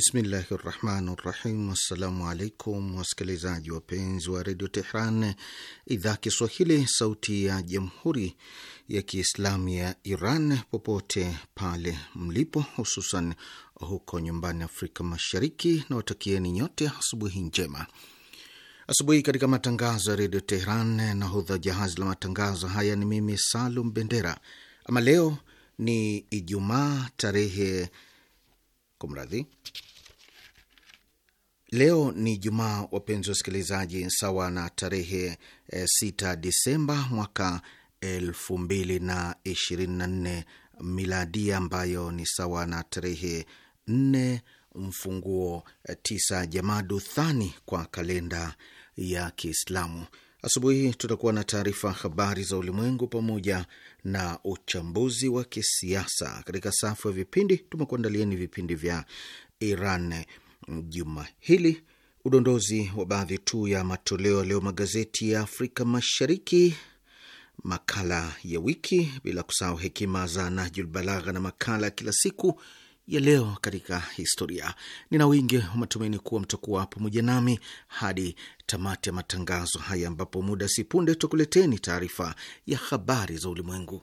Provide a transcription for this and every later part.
Bismillahi rahmani rahim. Assalamu alaikum wasikilizaji wapenzi wa redio Tehran, idhaa Kiswahili, sauti ya jamhuri ya Kiislamu ya Iran, popote pale mlipo, hususan huko nyumbani Afrika Mashariki, na watakieni nyote asubuhi njema. Asubuhi katika matangazo ya redio Tehran, nahodha jahazi la matangazo haya ni mimi Salum Bendera. Ama leo ni Ijumaa tarehe kumradhi Leo ni Jumaa, wapenzi wa wasikilizaji, sawa na tarehe 6 eh, Disemba mwaka 2024 miladi, ambayo ni sawa na tarehe 4 mfunguo 9 eh, Jamadu Thani kwa kalenda ya Kiislamu. Asubuhi hii tutakuwa na taarifa habari za ulimwengu pamoja na uchambuzi wa kisiasa. Katika safu ya vipindi tumekuandalieni vipindi vya Iran juma hili udondozi wa baadhi tu ya matoleo leo magazeti ya Afrika Mashariki, makala ya wiki, bila kusahau hekima za Nahjul Balagha na makala ya kila siku ya leo katika historia. Nina wingi wa matumaini kuwa mtakuwa pamoja nami hadi tamati ya matangazo haya, ambapo muda si punde tukuleteni taarifa ya habari za ulimwengu.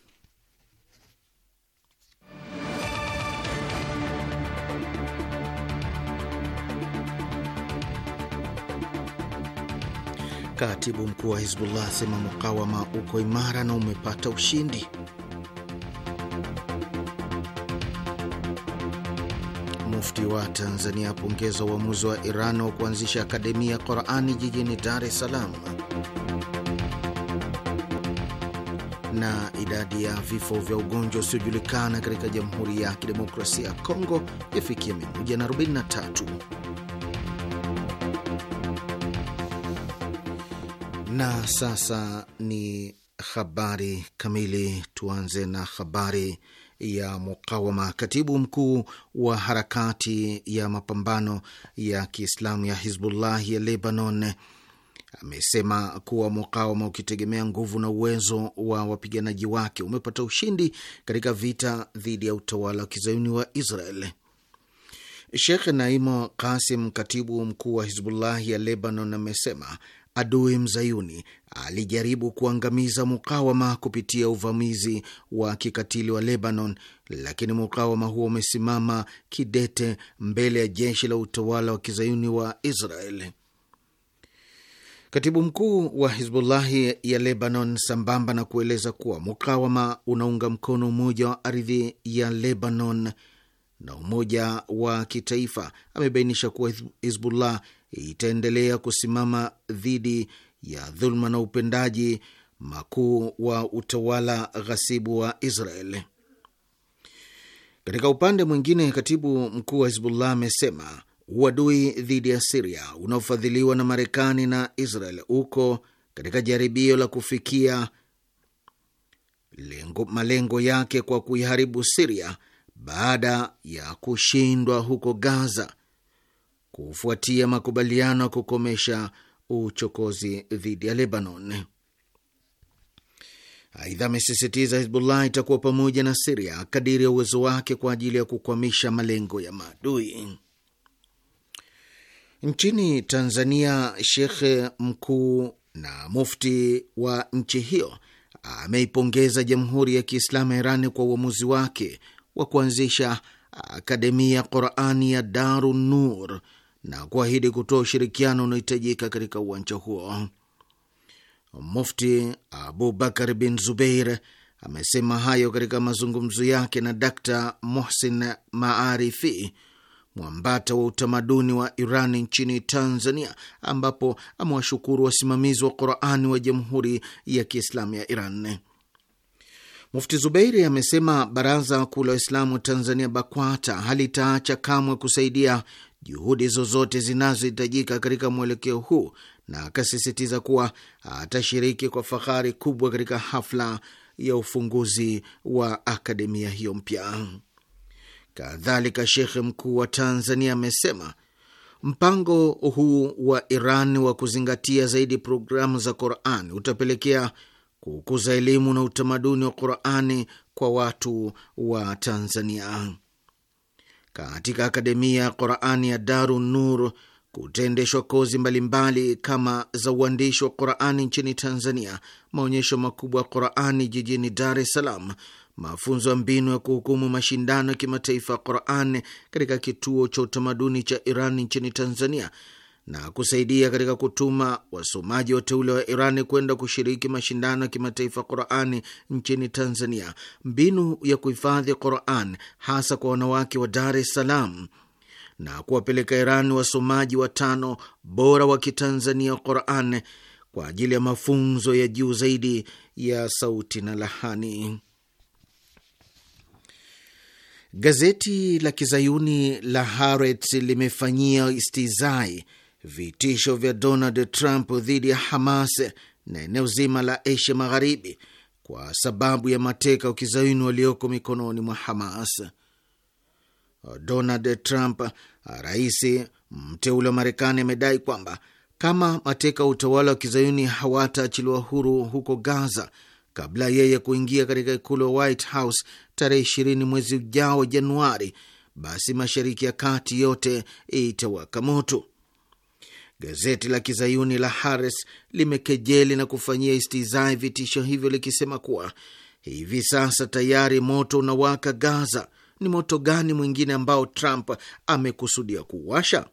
Katibu mkuu wa Hizbullah asema mukawama uko imara na umepata ushindi. Mufti wa Tanzania apongeza uamuzi wa Iran wa kuanzisha akademia ya Qurani jijini Dar es Salaam. Na idadi ya vifo vya ugonjwa usiojulikana katika Jamhuri ya Kidemokrasia ya Kongo yafikia 143. Na sasa ni habari kamili. Tuanze na habari ya mukawama. Katibu mkuu wa harakati ya mapambano ya Kiislamu ya Hizbullah ya Lebanon amesema kuwa mukawama ukitegemea nguvu na uwezo wa wapiganaji wake umepata ushindi katika vita dhidi ya utawala wa kizayuni wa Israel. shekh Naimo Kasim, katibu mkuu wa Hizbullah ya Lebanon, amesema adui mzayuni alijaribu kuangamiza mukawama kupitia uvamizi wa kikatili wa Lebanon, lakini mukawama huo umesimama kidete mbele ya jeshi la utawala wa kizayuni wa Israel. Katibu mkuu wa Hizbullahi ya Lebanon, sambamba na kueleza kuwa mukawama unaunga mkono umoja wa ardhi ya Lebanon na umoja wa kitaifa, amebainisha kuwa Hizbullah itaendelea kusimama dhidi ya dhuluma na upendaji makuu wa utawala ghasibu wa Israel. Katika upande mwingine, katibu mkuu wa Hizbullah amesema uadui dhidi ya Siria unaofadhiliwa na Marekani na Israel uko katika jaribio la kufikia lengo, malengo yake kwa kuiharibu Siria baada ya kushindwa huko Gaza kufuatia makubaliano ya kukomesha uchokozi dhidi ya Lebanon. Aidha, amesisitiza Hizbullah itakuwa pamoja na Siria kadiri ya uwezo wake kwa ajili ya kukwamisha malengo ya maadui. Nchini Tanzania, shekhe mkuu na mufti wa nchi hiyo ameipongeza Jamhuri ya Kiislamu ya Irani kwa uamuzi wake wa kuanzisha Akademia Qurani ya Darun Nur na kuahidi kutoa ushirikiano unaohitajika katika uwanja huo. Mufti Abu Bakar bin Zubeir amesema hayo katika mazungumzo yake na Dr Mohsin Maarifi, mwambata wa utamaduni wa Irani nchini Tanzania, ambapo amewashukuru wasimamizi wa Qurani wa Jamhuri ya Kiislamu ya Iran. Mufti Zubeiri amesema Baraza Kuu la Waislamu Tanzania, BAKWATA, halitaacha kamwe kusaidia juhudi zozote zinazohitajika katika mwelekeo huu, na akasisitiza kuwa atashiriki kwa fahari kubwa katika hafla ya ufunguzi wa akademia hiyo mpya. Kadhalika, shekhe mkuu wa Tanzania amesema mpango huu wa Iran wa kuzingatia zaidi programu za quran utapelekea kukuza elimu na utamaduni wa Qurani kwa watu wa Tanzania katika akademia ya Qurani ya daru Nur kutaendeshwa kozi mbalimbali mbali kama za uandishi wa Qurani nchini Tanzania, maonyesho makubwa ya Qurani jijini Dar es Salaam, mafunzo ya mbinu ya kuhukumu mashindano ya kimataifa ya Qurani katika kituo cha utamaduni cha Iran nchini Tanzania na kusaidia katika kutuma wasomaji wateule wa Irani kwenda kushiriki mashindano ya kimataifa Qurani nchini Tanzania, mbinu ya kuhifadhi Quran hasa kwa wanawake wa Dar es Salaam na kuwapeleka iran wasomaji watano bora wa Kitanzania Quran kwa ajili ya mafunzo ya juu zaidi ya sauti na lahani. Gazeti la kizayuni la Haaretz limefanyia istizai vitisho vya Donald Trump dhidi ya Hamas na eneo zima la Asia Magharibi kwa sababu ya mateka wa kizayuni walioko mikononi mwa Hamas. Donald Trump, rais mteule wa Marekani, amedai kwamba kama mateka wa utawala wa kizayuni hawataachiliwa huru huko Gaza kabla yeye kuingia katika ikulu ya White House tarehe 20 mwezi ujao Januari, basi mashariki ya kati yote itawaka moto. Gazeti la kizayuni la Hares limekejeli na kufanyia istizai vitisho hivyo likisema kuwa hivi sasa tayari moto unawaka Gaza. Ni moto gani mwingine ambao Trump amekusudia kuuwasha?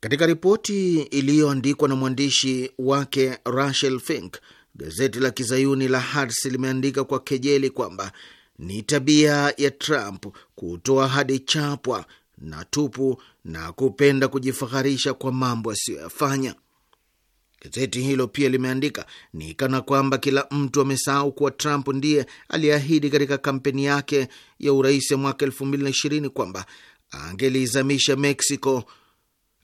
Katika ripoti iliyoandikwa na mwandishi wake Rachel Fink, gazeti la kizayuni la hars limeandika kwa kejeli kwamba ni tabia ya Trump kutoa ahadi chapwa na tupu na kupenda kujifaharisha kwa mambo asiyoyafanya. Gazeti hilo pia limeandika ni kana kwamba kila mtu amesahau kuwa Trump ndiye aliyeahidi katika kampeni yake ya urais ya mwaka elfu mbili na ishirini kwamba angeliizamisha Mexico,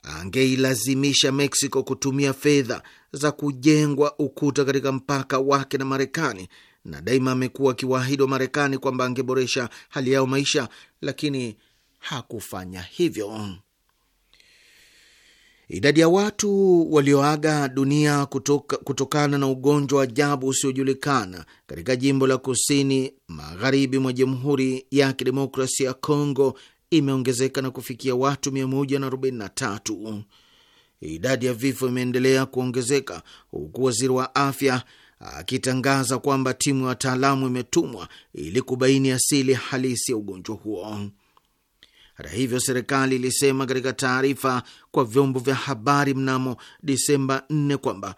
angeilazimisha Mexico kutumia fedha za kujengwa ukuta katika mpaka wake na Marekani, na daima amekuwa akiwaahidi wa Marekani kwamba angeboresha hali yao maisha, lakini hakufanya hivyo. Idadi ya watu walioaga dunia kutoka, kutokana na ugonjwa wa ajabu usiojulikana katika jimbo la kusini magharibi mwa Jamhuri ya Kidemokrasia ya Kongo imeongezeka na kufikia watu 143. Idadi ya vifo imeendelea kuongezeka huku waziri wa afya akitangaza kwamba timu ya wataalamu imetumwa ili kubaini asili halisi ya ugonjwa huo. Hata hivyo, serikali ilisema katika taarifa kwa vyombo vya habari mnamo Disemba 4 kwamba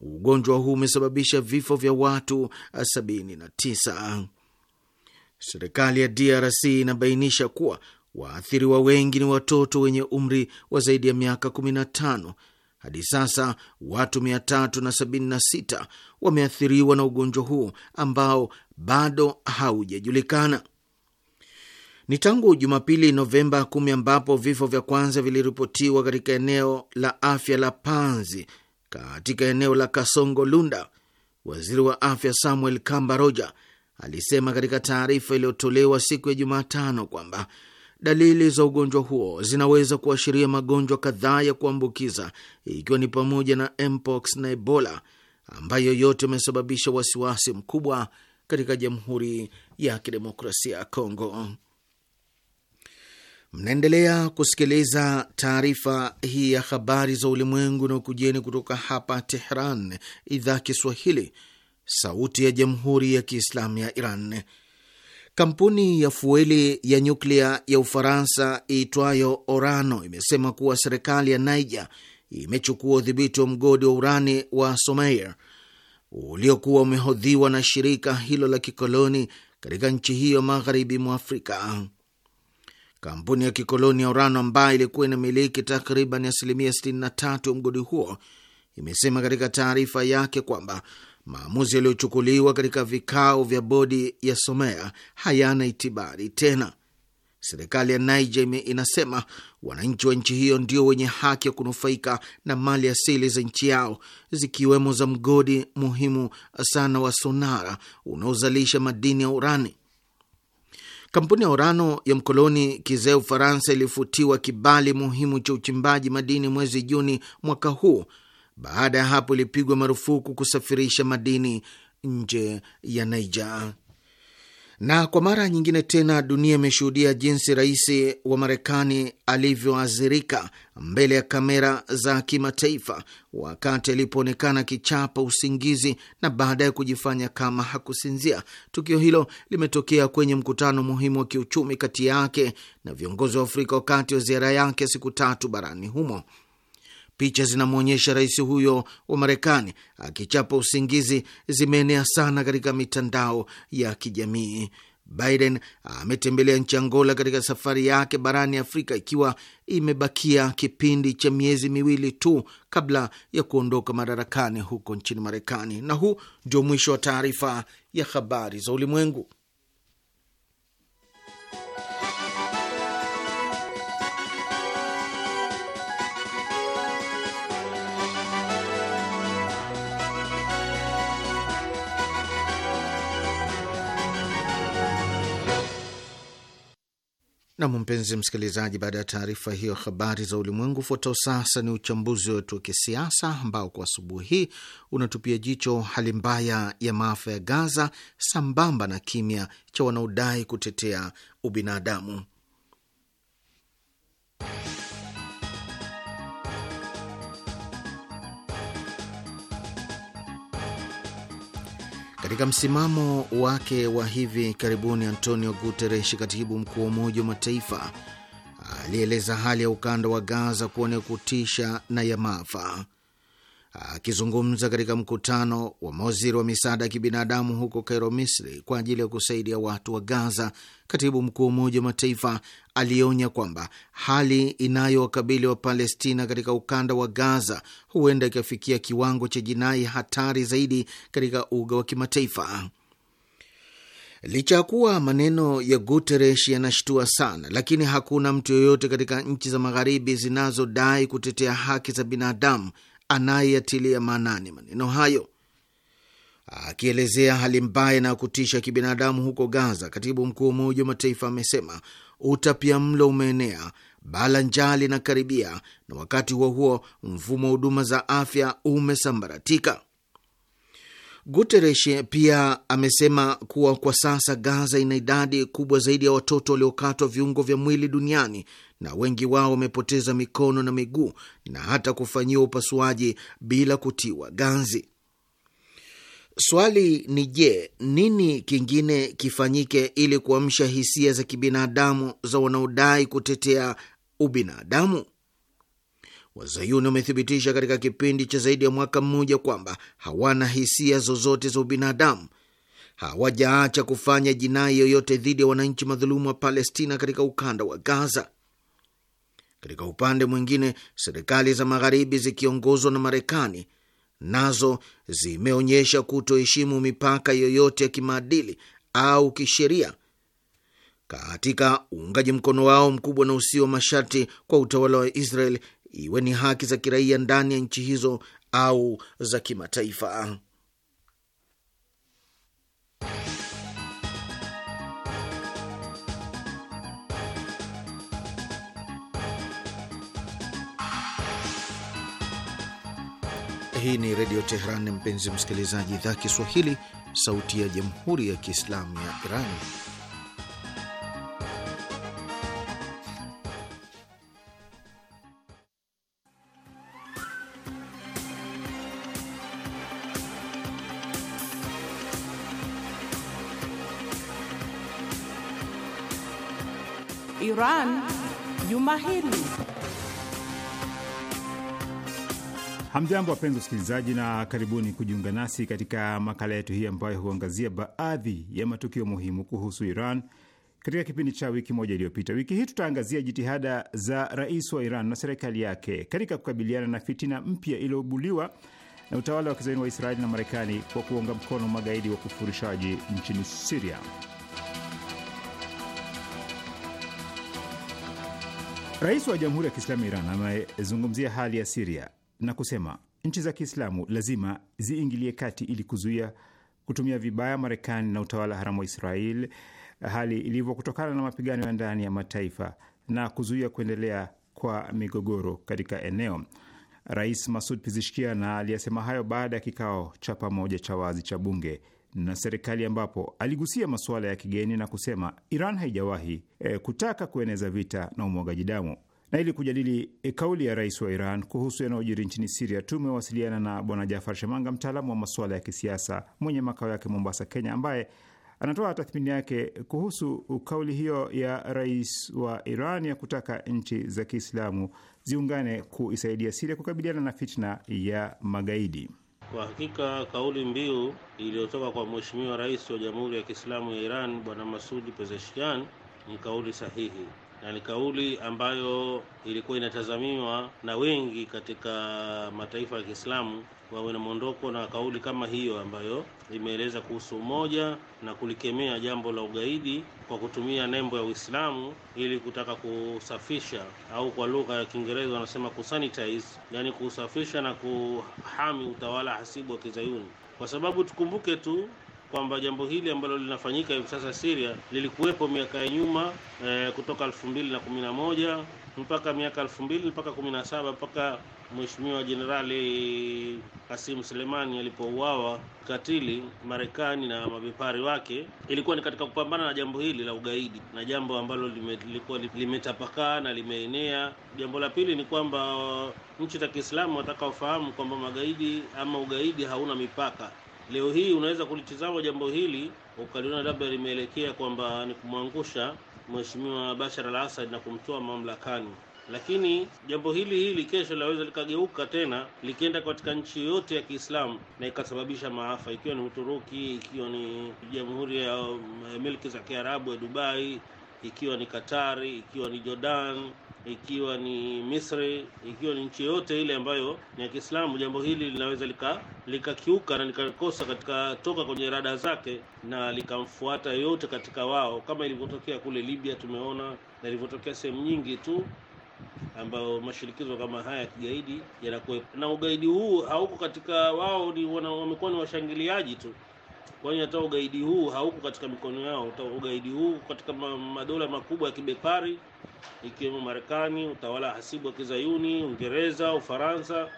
ugonjwa huu umesababisha vifo vya watu 79. Serikali ya DRC inabainisha kuwa waathiriwa wengi ni watoto wenye umri wa zaidi ya miaka 15. Hadi sasa watu 376 wameathiriwa na ugonjwa huu ambao bado haujajulikana. Ni tangu Jumapili Novemba 10 ambapo vifo vya kwanza viliripotiwa katika eneo la afya la Panzi katika eneo la Kasongo Lunda. Waziri wa afya Samuel Kambaroja alisema katika taarifa iliyotolewa siku ya Jumatano kwamba dalili za ugonjwa huo zinaweza kuashiria magonjwa kadhaa ya kuambukiza ikiwa ni pamoja na mpox na Ebola ambayo yote imesababisha wasiwasi mkubwa katika Jamhuri ya Kidemokrasia ya Kongo. Mnaendelea kusikiliza taarifa hii ya habari za ulimwengu na ukujeni kutoka hapa Tehran, idhaa Kiswahili, sauti ya jamhuri ya kiislamu ya Iran. Kampuni ya fueli ya nyuklia ya Ufaransa iitwayo Orano imesema kuwa serikali ya Niger imechukua udhibiti wa mgodi wa urani wa Somair uliokuwa umehodhiwa na shirika hilo la kikoloni katika nchi hiyo magharibi mwa Afrika. Kampuni ya kikoloni ya Urano ambayo ilikuwa inamiliki takriban asilimia 63 ya mgodi huo imesema katika taarifa yake kwamba maamuzi yaliyochukuliwa katika vikao vya bodi ya Somea hayana itibari tena. Serikali ya Niger inasema wananchi wa nchi hiyo ndio wenye haki ya kunufaika na mali asili za nchi yao zikiwemo za mgodi muhimu sana wa Sonara unaozalisha madini ya urani. Kampuni ya urano ya mkoloni kizee Ufaransa ilifutiwa kibali muhimu cha uchimbaji madini mwezi Juni mwaka huu. Baada ya hapo, ilipigwa marufuku kusafirisha madini nje ya Niger. Na kwa mara nyingine tena dunia imeshuhudia jinsi rais wa Marekani alivyoathirika mbele ya kamera za kimataifa wakati alipoonekana kichapa usingizi na baadaye kujifanya kama hakusinzia. Tukio hilo limetokea kwenye mkutano muhimu wa kiuchumi kati yake na viongozi wa Afrika wakati wa ziara yake siku tatu barani humo. Picha zinamwonyesha rais huyo wa Marekani akichapa usingizi zimeenea sana katika mitandao ya kijamii. Biden ametembelea nchi Angola katika safari yake barani Afrika, ikiwa imebakia kipindi cha miezi miwili tu kabla ya kuondoka madarakani huko nchini Marekani. Na huu ndio mwisho wa taarifa ya habari za ulimwengu. Nam, mpenzi msikilizaji, baada ya taarifa hiyo habari za ulimwengu, fuata sasa ni uchambuzi wetu wa kisiasa ambao kwa asubuhi hii unatupia jicho hali mbaya ya maafa ya Gaza sambamba na kimya cha wanaodai kutetea ubinadamu. Katika msimamo wake wa hivi karibuni, Antonio Guterres, katibu mkuu wa Umoja wa Mataifa, alieleza hali ya ukanda wa Gaza kuwa ni kutisha na ya maafa. Akizungumza katika mkutano wa mawaziri wa misaada ya kibinadamu huko Kairo, Misri, kwa ajili ya kusaidia watu wa Gaza, katibu mkuu wa Umoja wa Mataifa alionya kwamba hali inayowakabili wa Palestina katika ukanda wa Gaza huenda ikafikia kiwango cha jinai hatari zaidi katika uga wa kimataifa. Licha ya kuwa maneno ya Guterres yanashtua sana, lakini hakuna mtu yoyote katika nchi za magharibi zinazodai kutetea haki za binadamu anayeyatilia maanani maneno hayo. Akielezea hali mbaya na kutisha kibinadamu huko Gaza, katibu mkuu wa Umoja wa Mataifa amesema utapia mlo umeenea, bala njaa linakaribia, na wakati huo huo mfumo wa huduma za afya umesambaratika. Guterres pia amesema kuwa kwa sasa Gaza ina idadi kubwa zaidi ya watoto waliokatwa viungo vya mwili duniani na wengi wao wamepoteza mikono na miguu na hata kufanyiwa upasuaji bila kutiwa ganzi. Swali ni je, nini kingine kifanyike ili kuamsha hisia za kibinadamu za wanaodai kutetea ubinadamu? Wazayuni wamethibitisha katika kipindi cha zaidi ya mwaka mmoja kwamba hawana hisia zozote za ubinadamu. Hawajaacha kufanya jinai yoyote dhidi ya wananchi madhulumu wa Palestina katika ukanda wa Gaza. Katika upande mwingine, serikali za magharibi zikiongozwa na Marekani nazo zimeonyesha kutoheshimu mipaka yoyote ya kimaadili au kisheria katika uungaji mkono wao mkubwa na usio masharti kwa utawala wa Israel iwe ni haki za kiraia ndani ya nchi hizo au za kimataifa. Hii ni Redio Teheran, mpenzi msikilizaji, idhaa Kiswahili, sauti ya Jamhuri ya Kiislamu ya Iran. Iran juma hili. Hamjambo, wapenzi wasikilizaji, na karibuni kujiunga nasi katika makala yetu hii ambayo huangazia baadhi ya matukio muhimu kuhusu Iran katika kipindi cha wiki moja iliyopita. Wiki hii tutaangazia jitihada za rais wa Iran na serikali yake katika kukabiliana na fitina mpya iliyobuliwa na utawala wa kizayuni wa Israeli na Marekani kwa kuunga mkono magaidi wa kufurishaji nchini Siria. Rais wa Jamhuri ya Kiislamu ya Iran amezungumzia hali ya Siria na kusema nchi za Kiislamu lazima ziingilie kati ili kuzuia kutumia vibaya Marekani na utawala haramu wa Israel hali ilivyo kutokana na mapigano ya ndani ya mataifa na kuzuia kuendelea kwa migogoro katika eneo. Rais Masud Pizishkian aliyesema hayo baada ya kikao cha pamoja cha wazi cha bunge na serikali ambapo aligusia masuala ya kigeni na kusema Iran haijawahi e, kutaka kueneza vita na umwagaji damu. Na ili kujadili e, kauli ya rais wa Iran kuhusu yanayojiri nchini Siria, tumewasiliana na Bwana Jafar Shemanga, mtaalamu wa masuala ya kisiasa mwenye makao yake Mombasa, Kenya, ambaye anatoa tathmini yake kuhusu kauli hiyo ya rais wa Iran ya kutaka nchi za Kiislamu ziungane kuisaidia Siria kukabiliana na fitna ya magaidi. Kwa hakika kauli mbiu iliyotoka kwa Mheshimiwa Rais wa Jamhuri ya Kiislamu ya Iran Bwana Masudi Pezeshkian ni kauli sahihi na ni kauli ambayo ilikuwa inatazamiwa na wengi katika mataifa ya Kiislamu wawe na mwondoko na kauli kama hiyo ambayo imeeleza kuhusu umoja na kulikemea jambo la ugaidi kwa kutumia nembo ya Uislamu ili kutaka kusafisha au kwa lugha ya Kiingereza wanasema kusanitize, yani kusafisha na kuhami utawala hasibu wa Kizayuni, kwa sababu tukumbuke tu kwamba jambo hili ambalo linafanyika hivi sasa Syria lilikuwepo miaka ya nyuma e, kutoka 2011 mpaka miaka 2000 mpaka 17 mpaka Mheshimiwa Jenerali Kasim Sulemani alipouawa katili Marekani na mabepari wake, ilikuwa ni katika kupambana na jambo hili la ugaidi na jambo ambalo lilikuwa lime, limetapakaa na limeenea. Jambo la pili ni kwamba uh, nchi za Kiislamu wataka wafahamu kwamba magaidi ama ugaidi hauna mipaka. Leo hii unaweza kulitizama jambo hili ukaliona labda limeelekea kwamba ni kumwangusha Mheshimiwa Bashar al-Assad na kumtoa mamlakani lakini jambo hili hili kesho laweza likageuka tena likienda katika nchi yote ya Kiislamu na ikasababisha maafa, ikiwa ni Uturuki, ikiwa ni jamhuri ya eh, milki za Kiarabu ya Dubai, ikiwa ni Katari, ikiwa ni Jordan, ikiwa ni Misri, ikiwa ni nchi yote ile ambayo ni ya Kiislamu, jambo hili linaweza lika likakiuka na likakosa katika toka kwenye rada zake na likamfuata yote katika wao, kama ilivyotokea kule Libya tumeona na ilivyotokea sehemu nyingi tu ambayo mashirikizo kama haya ya kigaidi yanakuwepo, na ugaidi huu hauko katika wao, ni wamekuwa ni washangiliaji tu, kwani hata ugaidi huu hauko katika mikono yao. Ugaidi huu katika madola makubwa ya kibepari ikiwemo Marekani, utawala hasibu wa Kizayuni, Uingereza, Ufaransa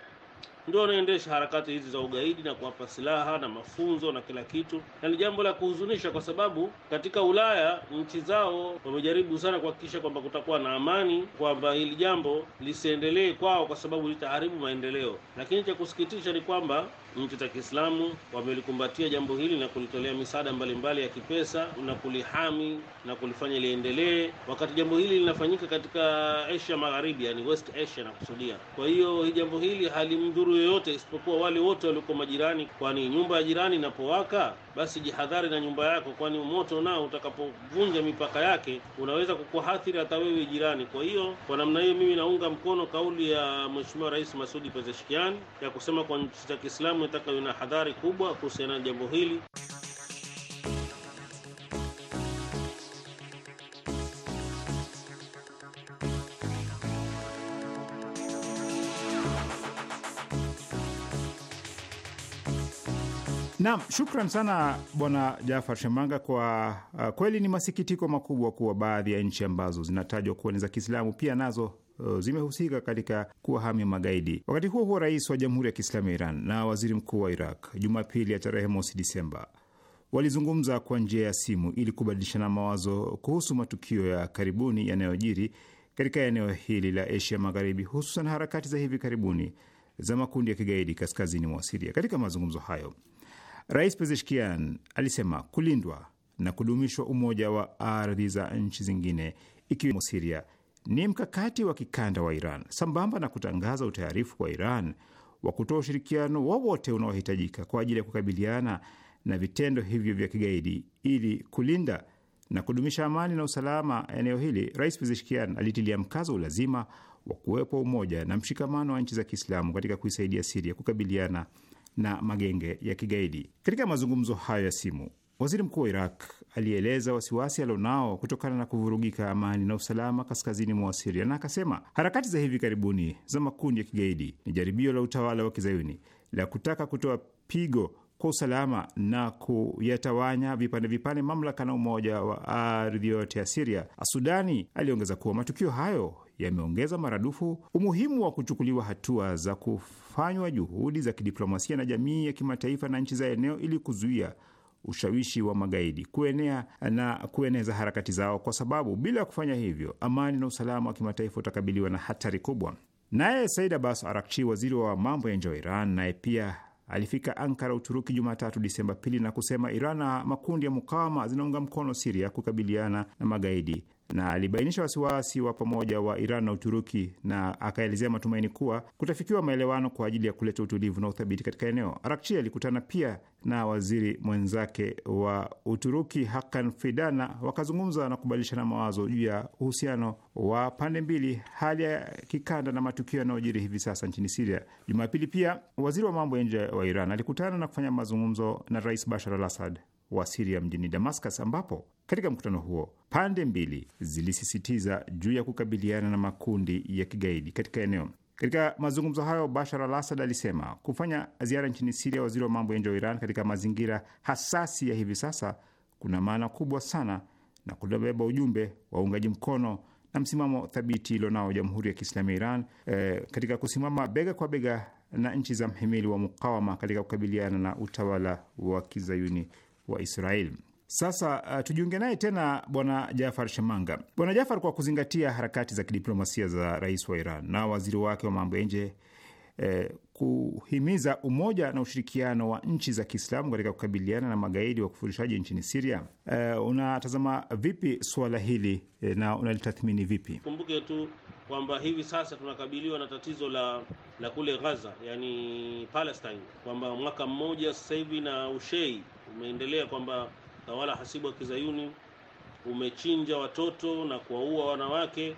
ndio wanaendesha harakati hizi za ugaidi na kuwapa silaha na mafunzo na kila kitu, na ni jambo la kuhuzunisha, kwa sababu katika Ulaya nchi zao wamejaribu sana kuhakikisha kwamba kutakuwa na amani, kwamba hili jambo lisiendelee kwao, kwa sababu litaharibu maendeleo. Lakini cha kusikitisha ni kwamba nchi za Kiislamu wamelikumbatia jambo hili na kulitolea misaada mbalimbali ya kipesa na kulihami na kulifanya liendelee, wakati jambo hili linafanyika katika Asia Magharibi, yani West Asia nakusudia. Kwa hiyo hii jambo hili halimdhuru yoyote isipokuwa wale wote walioko majirani, kwani nyumba ya jirani inapowaka basi jihadhari na nyumba yako, kwani moto nao utakapovunja mipaka yake unaweza kukuathiri hata wewe jirani. Kwa hiyo kwa namna hiyo, mimi naunga mkono kauli ya Mheshimiwa Rais Masudi Pezeshkian ya kusema kwa nchi za Kiislamu nataka una hadhari kubwa kuhusiana na jambo hili. Nam, shukran sana Bwana Jafar Shemanga kwa uh, kweli ni masikitiko makubwa kuwa baadhi ya nchi ambazo zinatajwa kuwa ni za Kiislamu pia nazo Eh, zimehusika katika kuwahami magaidi. Wakati huo huo, rais wa Jamhuri ya Kiislamu ya Iran na waziri mkuu wa Iraq Jumapili ya tarehe mosi Disemba walizungumza kwa njia ya simu ili kubadilishana mawazo kuhusu matukio ya karibuni yanayojiri katika eneo hili la Asia Magharibi, hususan harakati za hivi karibuni za makundi ya kigaidi kaskazini mwa Siria. Katika mazungumzo hayo, Rais Pezeshkian alisema kulindwa na kudumishwa umoja wa ardhi za nchi zingine ikiwemo Siria ni mkakati wa kikanda wa Iran sambamba na kutangaza utayarifu wa Iran wa kutoa ushirikiano wowote unaohitajika kwa ajili ya kukabiliana na vitendo hivyo vya kigaidi ili kulinda na kudumisha amani na usalama eneo hili. Rais Pezeshkian alitilia mkazo ulazima wa kuwepo umoja na mshikamano wa nchi za Kiislamu katika kuisaidia Siria kukabiliana na magenge ya kigaidi. Katika mazungumzo hayo ya simu Waziri mkuu wa Iraq alieleza wasiwasi alionao kutokana na kuvurugika amani na usalama kaskazini mwa Siria na akasema harakati za hivi karibuni za makundi ya kigaidi ni jaribio la utawala wa kizayuni la kutaka kutoa pigo kwa usalama na kuyatawanya vipande vipande mamlaka na umoja wa ardhi yote ya Siria. Sudani aliongeza kuwa matukio hayo yameongeza maradufu umuhimu wa kuchukuliwa hatua za kufanywa juhudi za kidiplomasia na jamii ya kimataifa na nchi za eneo ili kuzuia ushawishi wa magaidi kuenea na kueneza harakati zao, kwa sababu bila kufanya hivyo amani na usalama wa kimataifa utakabiliwa na hatari kubwa. Naye Said Abbas Arakchi, waziri wa mambo ya nje wa Iran, naye pia alifika Ankara, Uturuki, Jumatatu Disemba pili na kusema Iran na makundi ya mukawama zinaunga mkono Siria kukabiliana na magaidi na alibainisha wasiwasi wa pamoja wa Iran na Uturuki na akaelezea matumaini kuwa kutafikiwa maelewano kwa ajili ya kuleta utulivu na uthabiti katika eneo. Arakchi alikutana pia na waziri mwenzake wa Uturuki Hakan Fidan wakazungumza na kubadilishana mawazo juu ya uhusiano wa pande mbili, hali ya kikanda na matukio yanayojiri hivi sasa nchini Siria. Jumapili pia waziri wa mambo ya nje wa Iran alikutana na kufanya mazungumzo na Rais Bashar al Assad wa Siria mjini Damascus, ambapo katika mkutano huo Pande mbili zilisisitiza juu ya kukabiliana na makundi ya kigaidi katika eneo. Katika mazungumzo hayo, Bashar al Asad alisema kufanya ziara nchini Siria waziri wa mambo ya nje wa Iran katika mazingira hasasi ya hivi sasa kuna maana kubwa sana na kunabeba ujumbe wa uungaji mkono na msimamo thabiti ilionao Jamhuri ya Kiislamu ya Iran eh, katika kusimama bega kwa bega na nchi za mhimili wa mukawama katika kukabiliana na utawala wa kizayuni wa Israeli. Sasa uh, tujiunge naye tena bwana Jafar Shamanga. Bwana Jafar, kwa kuzingatia harakati za kidiplomasia za rais wa Iran na waziri wake wa mambo ya nje eh, kuhimiza umoja na ushirikiano wa nchi za Kiislamu katika kukabiliana na magaidi wa kufurishaji nchini Siria, eh, unatazama vipi suala hili eh, na unalitathmini vipi? Kumbuke tu kwamba hivi sasa tunakabiliwa na tatizo la la kule Gaza, yani Palestine, kwamba mwaka mmoja sasa hivi na ushei umeendelea kwamba na wala hasibu wa kizayuni umechinja watoto na kuwaua wanawake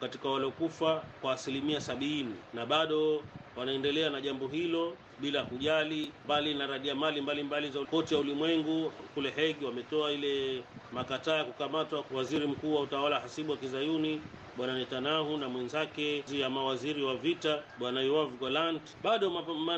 katika waliokufa kwa asilimia sabini na bado wanaendelea na jambo hilo bila kujali, mbali na radia mali mbalimbali za koti ya ulimwengu. Kule Hegi wametoa ile makataa ya kukamatwa waziri mkuu wa utawala hasibu wa kizayuni Bwana Netanyahu na mwenzake ya mawaziri wa vita Bwana Yoav Gallant. Bado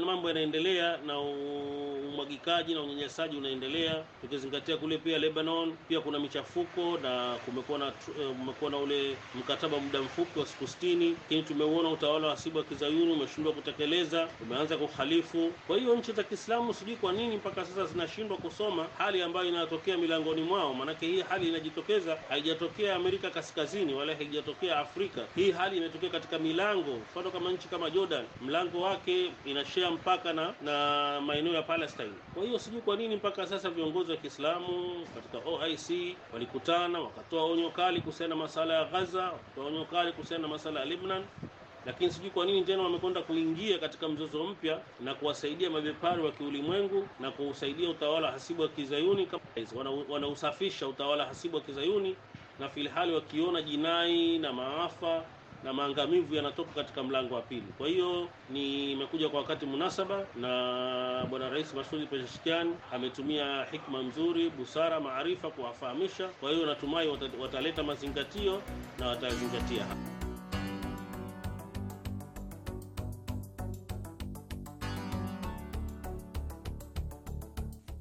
mambo yanaendelea na umwagikaji na unyanyasaji unaendelea, tukizingatia kule pia Lebanon pia kuna michafuko na kumekuwa na eh, kumekuwa na ule mkataba muda mfupi wa siku 60 lakini tumeuona utawala wa sibu wa kizayuni umeshindwa kutekeleza, umeanza kuhalifu. Kwa hiyo nchi za Kiislamu sijui kwa nini mpaka sasa zinashindwa kusoma hali ambayo inatokea milangoni mwao, maanake hii hali inajitokeza haijatokea Amerika Kaskazini wala haijatokea mataifa ya Afrika. Hii hali imetokea katika milango, mfano kama nchi kama Jordan, mlango wake inashare mpaka na, na maeneo ya Palestine. Kwa hiyo sijui kwa nini mpaka sasa viongozi wa Kiislamu katika OIC walikutana wakatoa onyo kali kuhusiana na masala ya Gaza, wakatoa onyo kali kuhusiana na masala ya Lebanon lakini sijui kwa nini tena wamekwenda kuingia katika mzozo mpya na kuwasaidia mabepari wa kiulimwengu na kuusaidia utawala hasibu wa Kizayuni, wanausafisha utawala hasibu wa Kizayuni na filhali wakiona jinai na maafa na maangamivu yanatoka katika mlango wa pili. Kwa hiyo nimekuja kwa wakati munasaba, na bwana Rais Masudi Pezeshkian ametumia hikma nzuri, busara, maarifa kuwafahamisha. Kwa hiyo natumai wataleta mazingatio na watazingatia.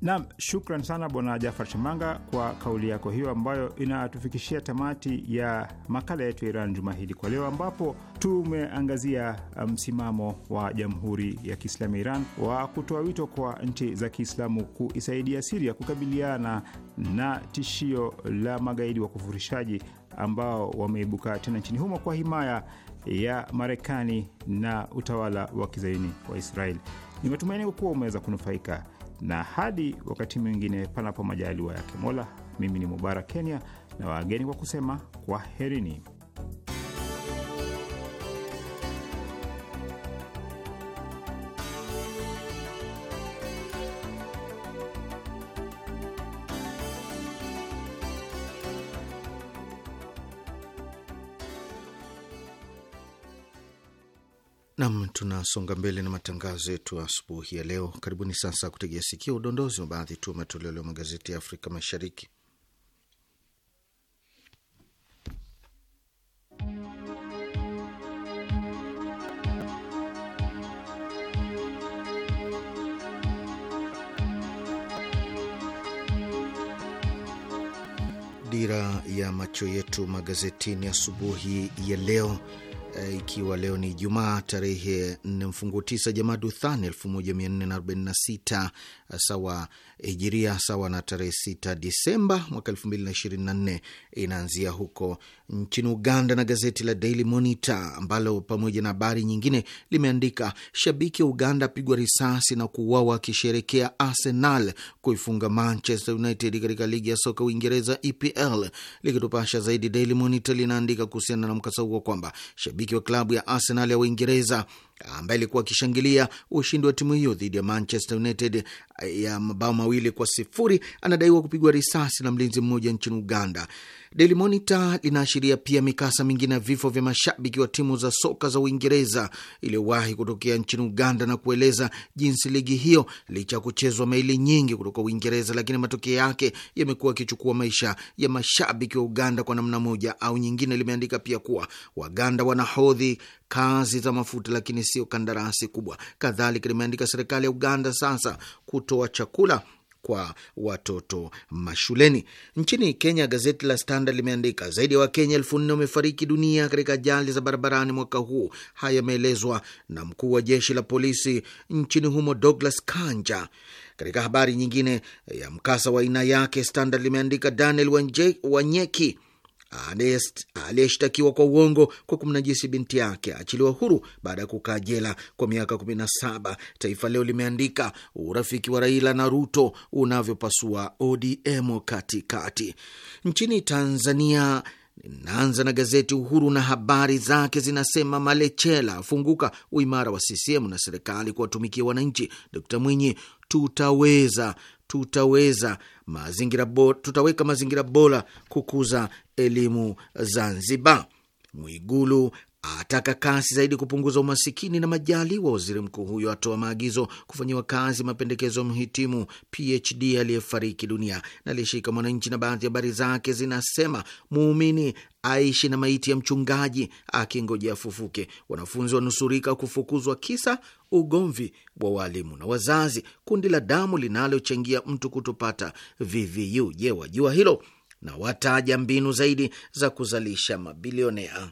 nam shukran sana Bwana Jafar Shimanga kwa kauli yako hiyo ambayo inatufikishia tamati ya makala yetu ya Iran juma hili kwa leo, ambapo tumeangazia um, msimamo wa Jamhuri ya Kiislamu ya Iran wa kutoa wito kwa nchi za Kiislamu kuisaidia Siria kukabiliana na tishio la magaidi wa kufurishaji ambao wameibuka tena nchini humo kwa himaya ya Marekani na utawala wa kizaini wa Israeli. Ni matumaini kuwa umeweza kunufaika na hadi wakati mwingine, panapo majaliwa yake Mola, mimi ni Mubarak Kenya na wageni kwa kusema kwaherini. tunasonga mbele na matangazo yetu asubuhi ya leo. Karibuni sasa kutegea sikio udondozi wa baadhi tu matoleo leo magazeti ya Afrika Mashariki. Dira ya macho yetu magazetini asubuhi ya, ya leo Eh, ikiwa leo ni Jumaa tarehe nne mfungu 9 Jamadu Thani sita eh, sawa hijiria sawa na tarehe sita Disemba mwaka elfu mbili na na ishirini nne inaanzia huko nchini Uganda, na gazeti la Daily Monitor ambalo pamoja na habari nyingine limeandika shabiki wa Uganda apigwa risasi na kuuawa akisherekea Arsenal kuifunga Manchester United katika ligi ya soka Uingereza EPL. Likitupasha zaidi, Daily Monitor linaandika kuhusiana na mkasa huo kwamba shabiki mashabiki wa klabu ya Arsenal ya Uingereza ambaye alikuwa akishangilia ushindi wa timu hiyo dhidi ya Manchester United eh, ya mabao mawili kwa sifuri anadaiwa kupigwa risasi na mlinzi mmoja nchini Uganda. Daily Monitor linaashiria pia mikasa mingine ya vifo vya mashabiki wa timu za soka za Uingereza iliyowahi kutokea nchini Uganda na kueleza jinsi ligi hiyo licha ya kuchezwa maili nyingi kutoka Uingereza, lakini matokeo yake yamekuwa yakichukua maisha ya mashabiki wa Uganda kwa namna moja au nyingine. Limeandika pia kuwa Waganda wanahodhi kazi za mafuta, lakini sio kandarasi kubwa. Kadhalika limeandika serikali ya Uganda sasa kutoa chakula kwa watoto mashuleni. Nchini Kenya, gazeti la Standard limeandika zaidi ya Wakenya elfu nne wamefariki dunia katika ajali za barabarani mwaka huu. Haya yameelezwa na mkuu wa jeshi la polisi nchini humo Douglas Kanja. Katika habari nyingine ya mkasa wa aina yake, Standard limeandika Daniel Wanyeki aliyeshtakiwa kwa uongo kwa kumnajisi binti yake aachiliwa huru baada ya kukaa jela kwa miaka 17. Taifa Leo limeandika urafiki wa Raila na Ruto unavyopasua ODM katikati. Nchini Tanzania inaanza na gazeti Uhuru na habari zake zinasema: Malechela afunguka uimara wa CCM na serikali kuwatumikia wananchi. Dkt Mwinyi, tutaweza tutaweza mazingira bo, tutaweka mazingira bora kukuza elimu Zanzibar. Mwigulu ataka kasi zaidi kupunguza umasikini na majaliwa. Waziri mkuu huyo atoa maagizo kufanyiwa kazi mapendekezo ya mhitimu PhD aliyefariki dunia na aliyeshika Mwananchi, na baadhi ya habari zake zinasema muumini aishi na maiti ya mchungaji akingojea afufuke. Wanafunzi wanusurika kufukuzwa kisa ugomvi wa waalimu na wazazi. Kundi la damu linalochangia mtu kutopata VVU. Je, wajua hilo? Na wataja mbinu zaidi za kuzalisha mabilionea.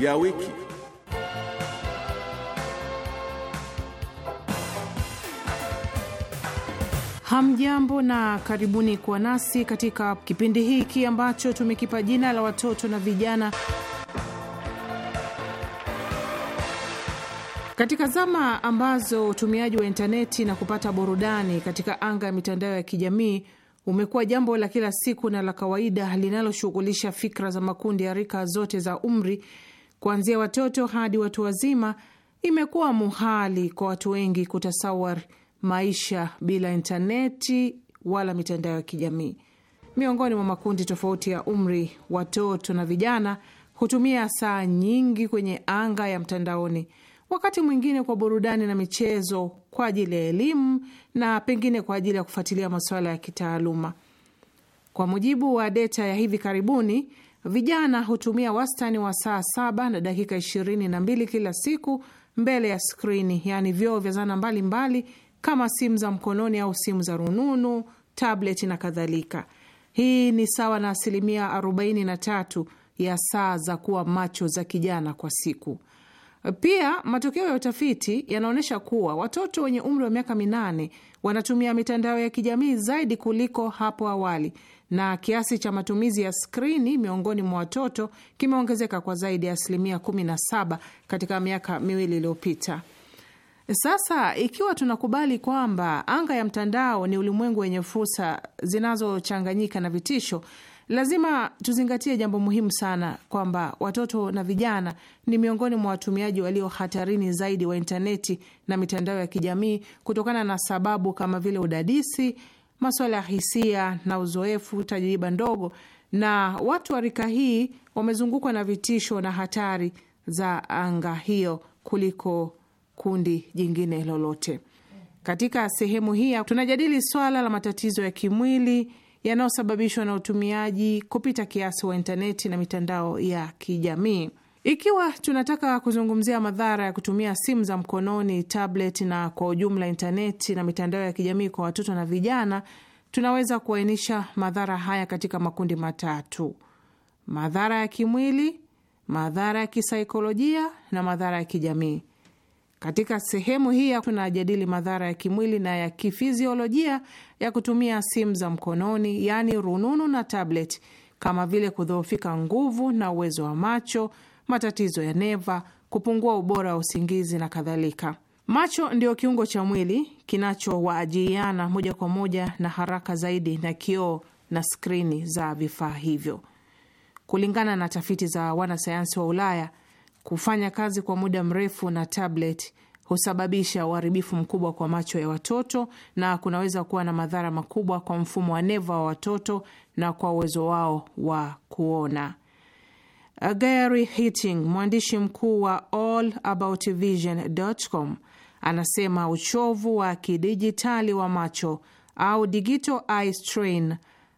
ya wiki. Hamjambo na karibuni kuwa nasi katika kipindi hiki ambacho tumekipa jina la watoto na vijana. Katika zama ambazo utumiaji wa intaneti na kupata burudani katika anga ya mitandao ya kijamii umekuwa jambo la kila siku na la kawaida linaloshughulisha fikra za makundi ya rika zote za umri kuanzia watoto hadi watu wazima. Imekuwa muhali kwa watu wengi kutasawar maisha bila intaneti wala mitandao ya kijamii. Miongoni mwa makundi tofauti ya umri, watoto na vijana hutumia saa nyingi kwenye anga ya mtandaoni, wakati mwingine kwa burudani na michezo, kwa ajili ya elimu na pengine kwa ajili ya kufuatilia masuala ya kitaaluma. Kwa mujibu wa deta ya hivi karibuni Vijana hutumia wastani wa saa saba na dakika ishirini na mbili kila siku mbele ya skrini, yaani vyoo vya zana mbalimbali kama simu za mkononi au simu za rununu, tableti na kadhalika. Hii ni sawa na asilimia arobaini na tatu ya saa za kuwa macho za kijana kwa siku. Pia matokeo ya utafiti yanaonyesha kuwa watoto wenye umri wa miaka minane wanatumia mitandao ya kijamii zaidi kuliko hapo awali, na kiasi cha matumizi ya skrini miongoni mwa watoto kimeongezeka kwa zaidi ya asilimia 17 katika miaka miwili iliyopita. Sasa ikiwa tunakubali kwamba anga ya mtandao ni ulimwengu wenye fursa zinazochanganyika na vitisho, lazima tuzingatie jambo muhimu sana kwamba watoto na vijana ni miongoni mwa watumiaji walio hatarini zaidi wa intaneti na mitandao ya kijamii kutokana na sababu kama vile udadisi masuala ya hisia na uzoefu, tajriba ndogo, na watu wa rika hii wamezungukwa na vitisho na hatari za anga hiyo kuliko kundi jingine lolote. Katika sehemu hii tunajadili swala la matatizo ya kimwili yanayosababishwa na utumiaji kupita kiasi wa intaneti na mitandao ya kijamii. Ikiwa tunataka kuzungumzia madhara ya kutumia simu za mkononi, tablet na kwa ujumla intaneti na mitandao ya kijamii kwa watoto na vijana, tunaweza kuainisha madhara haya katika makundi matatu: madhara ya kimwili, madhara ya kisaikolojia na madhara ya kijamii. Katika sehemu hii tunajadili madhara ya kimwili na ya kifiziolojia ya kutumia simu za mkononi, yaani rununu na tablet, kama vile kudhoofika nguvu na uwezo wa macho matatizo ya neva, kupungua ubora wa usingizi na kadhalika. Macho ndio kiungo cha mwili kinachowaajiiana moja kwa moja na haraka zaidi na kioo na skrini za vifaa hivyo. Kulingana na tafiti za wanasayansi wa Ulaya, kufanya kazi kwa muda mrefu na tablet husababisha uharibifu mkubwa kwa macho ya watoto na kunaweza kuwa na madhara makubwa kwa mfumo wa neva wa watoto na kwa uwezo wao wa kuona. Uh, Gary Hitting, mwandishi mkuu wa All About anasema uchovu wa kidijitali wa macho au digital eye strain,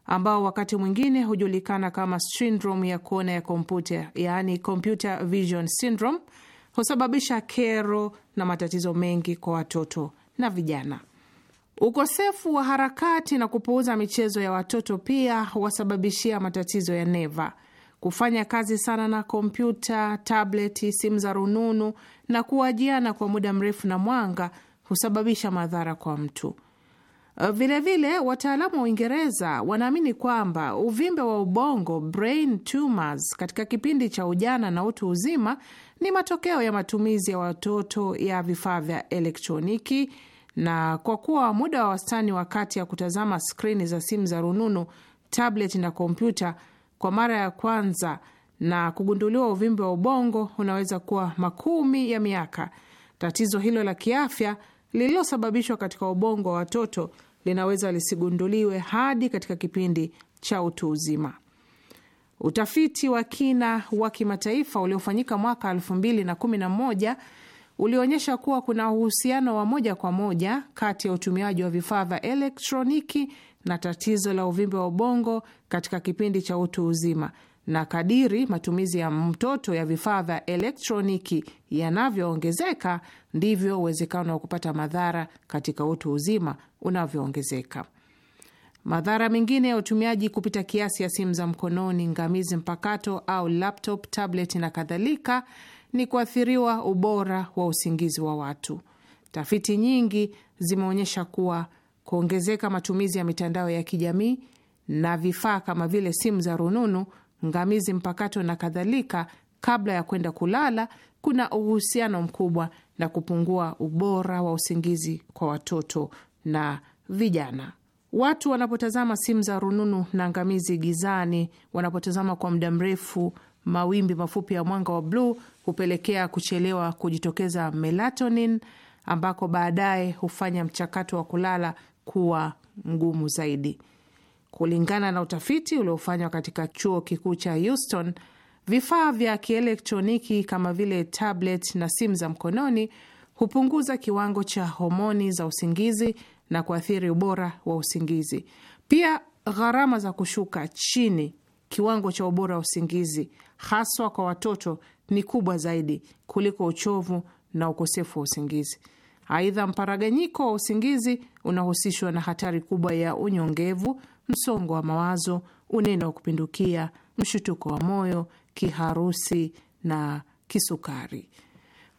ambao wakati mwingine hujulikana kama syndrome ya kuona ya kompyuta, yaani computer vision syndrome, husababisha kero na matatizo mengi kwa watoto na vijana. Ukosefu wa harakati na kupuuza michezo ya watoto pia huwasababishia matatizo ya neva kufanya kazi sana na kompyuta, tableti, simu za rununu na kuwajiana kwa muda mrefu na mwanga husababisha madhara kwa mtu. Vilevile, uh, wataalamu wa Uingereza wanaamini kwamba uvimbe wa ubongo brain tumors, katika kipindi cha ujana na utu uzima ni matokeo ya matumizi ya watoto ya vifaa vya elektroniki, na kwa kuwa muda wa wastani wa kati ya kutazama skrini za simu za rununu, tableti na kompyuta kwa mara ya kwanza na kugunduliwa uvimbe wa ubongo unaweza kuwa makumi ya miaka. Tatizo hilo la kiafya lililosababishwa katika ubongo wa watoto linaweza lisigunduliwe hadi katika kipindi cha utu uzima. Utafiti wa kina wa kimataifa uliofanyika mwaka 2011 ulionyesha kuwa kuna uhusiano wa moja kwa moja kati ya utumiaji wa vifaa vya elektroniki na tatizo la uvimbe wa ubongo katika kipindi cha utu uzima na kadiri matumizi ya mtoto ya vifaa vya elektroniki yanavyoongezeka ndivyo uwezekano wa kupata madhara katika utu uzima unavyoongezeka. Madhara mengine ya utumiaji kupita kiasi ya simu za mkononi, ngamizi mpakato au laptop, tablet na kadhalika ni kuathiriwa ubora wa usingizi wa watu. Tafiti nyingi zimeonyesha kuwa kuongezeka matumizi ya mitandao ya kijamii na vifaa kama vile simu za rununu, ngamizi mpakato na kadhalika kabla ya kwenda kulala kuna uhusiano mkubwa na kupungua ubora wa usingizi kwa watoto na vijana. Watu wanapotazama simu za rununu na ngamizi gizani, wanapotazama kwa muda mrefu, mawimbi mafupi ya mwanga wa bluu hupelekea kuchelewa kujitokeza melatonin, ambako baadaye hufanya mchakato wa kulala kuwa mgumu zaidi. Kulingana na utafiti uliofanywa katika chuo kikuu cha Houston, vifaa vya kielektroniki kama vile tablet na simu za mkononi hupunguza kiwango cha homoni za usingizi na kuathiri ubora wa usingizi. Pia gharama za kushuka chini kiwango cha ubora wa usingizi haswa kwa watoto ni kubwa zaidi kuliko uchovu na ukosefu wa usingizi. Aidha, mparaganyiko wa usingizi unahusishwa na hatari kubwa ya unyongevu msongo wa mawazo, unene wa kupindukia, mshutuko wa moyo, kiharusi na kisukari.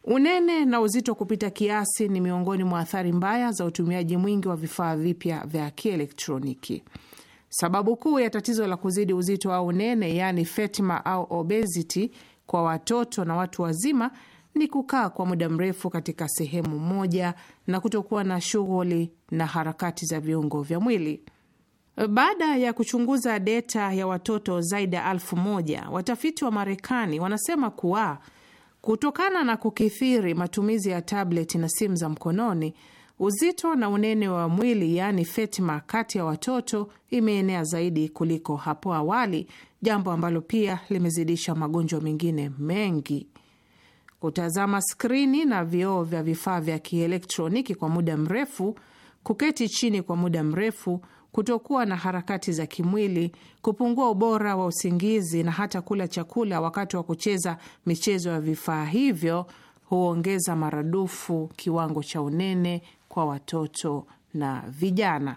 Unene na uzito kupita kiasi ni miongoni mwa athari mbaya za utumiaji mwingi wa vifaa vipya vya kielektroniki. Sababu kuu ya tatizo la kuzidi uzito au unene, yaani fetma au obesity, kwa watoto na watu wazima ni kukaa kwa muda mrefu katika sehemu moja na kutokuwa na shughuli na harakati za viungo vya mwili. Baada ya kuchunguza deta ya watoto zaidi ya elfu moja, watafiti wa Marekani wanasema kuwa kutokana na kukithiri matumizi ya tableti na simu za mkononi, uzito na unene wa mwili yaani fetma kati ya watoto imeenea zaidi kuliko hapo awali, jambo ambalo pia limezidisha magonjwa mengine mengi. Kutazama skrini na vioo vya vifaa vya kielektroniki kwa muda mrefu, kuketi chini kwa muda mrefu kutokuwa na harakati za kimwili, kupungua ubora wa usingizi na hata kula chakula wakati wa kucheza michezo ya vifaa hivyo huongeza maradufu kiwango cha unene kwa watoto na vijana.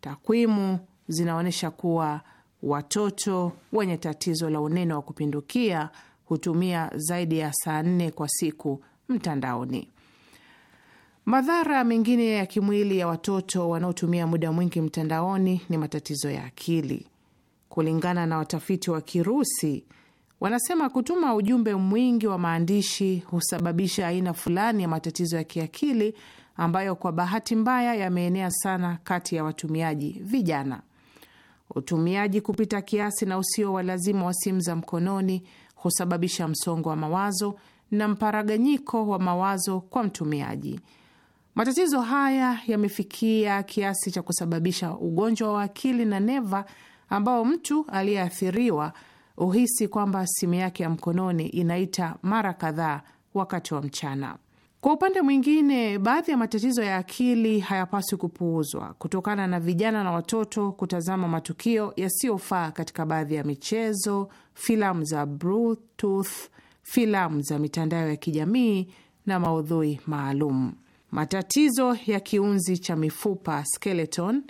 Takwimu zinaonyesha kuwa watoto wenye tatizo la unene wa kupindukia hutumia zaidi ya saa nne kwa siku mtandaoni. Madhara mengine ya kimwili ya watoto wanaotumia muda mwingi mtandaoni ni matatizo ya akili. Kulingana na watafiti wa Kirusi, wanasema kutuma ujumbe mwingi wa maandishi husababisha aina fulani ya matatizo ya kiakili ambayo kwa bahati mbaya yameenea sana kati ya watumiaji vijana. Utumiaji kupita kiasi na usio wa lazima wa simu za mkononi husababisha msongo wa mawazo na mparaganyiko wa mawazo kwa mtumiaji. Matatizo haya yamefikia kiasi cha kusababisha ugonjwa wa akili na neva ambao mtu aliyeathiriwa huhisi kwamba simu yake ya mkononi inaita mara kadhaa wakati wa mchana. Kwa upande mwingine, baadhi ya matatizo ya akili hayapaswi kupuuzwa kutokana na vijana na watoto kutazama matukio yasiyofaa katika baadhi ya michezo, filamu za Bluetooth, filamu za mitandao ya kijamii na maudhui maalum. Matatizo ya kiunzi cha mifupa skeleton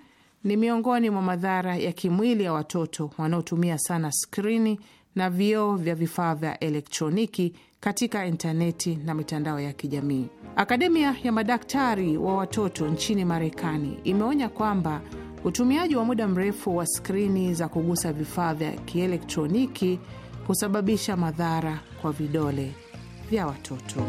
ni miongoni mwa madhara ya kimwili ya watoto wanaotumia sana skrini na vioo vya vifaa vya elektroniki katika intaneti na mitandao ya kijamii. Akademia ya madaktari wa watoto nchini Marekani imeonya kwamba utumiaji wa muda mrefu wa skrini za kugusa vifaa vya kielektroniki husababisha madhara kwa vidole vya watoto.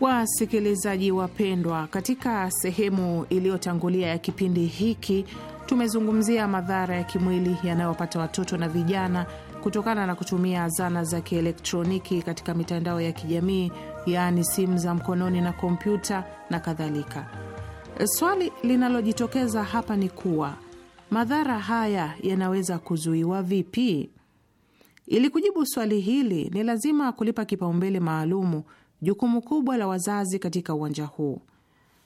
Wasikilizaji wapendwa, katika sehemu iliyotangulia ya kipindi hiki tumezungumzia madhara ya kimwili yanayopata watoto na vijana kutokana na kutumia zana za kielektroniki katika mitandao ya kijamii, yaani simu za mkononi na kompyuta na kadhalika. Swali linalojitokeza hapa ni kuwa madhara haya yanaweza kuzuiwa vipi? Ili kujibu swali hili, ni lazima kulipa kipaumbele maalumu jukumu kubwa la wazazi katika uwanja huu.